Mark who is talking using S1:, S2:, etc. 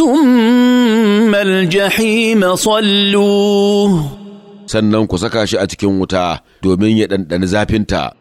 S1: ثم الجحيم صلوه
S2: sannan ku saka shi a cikin wuta domin ya ɗanɗani zafinta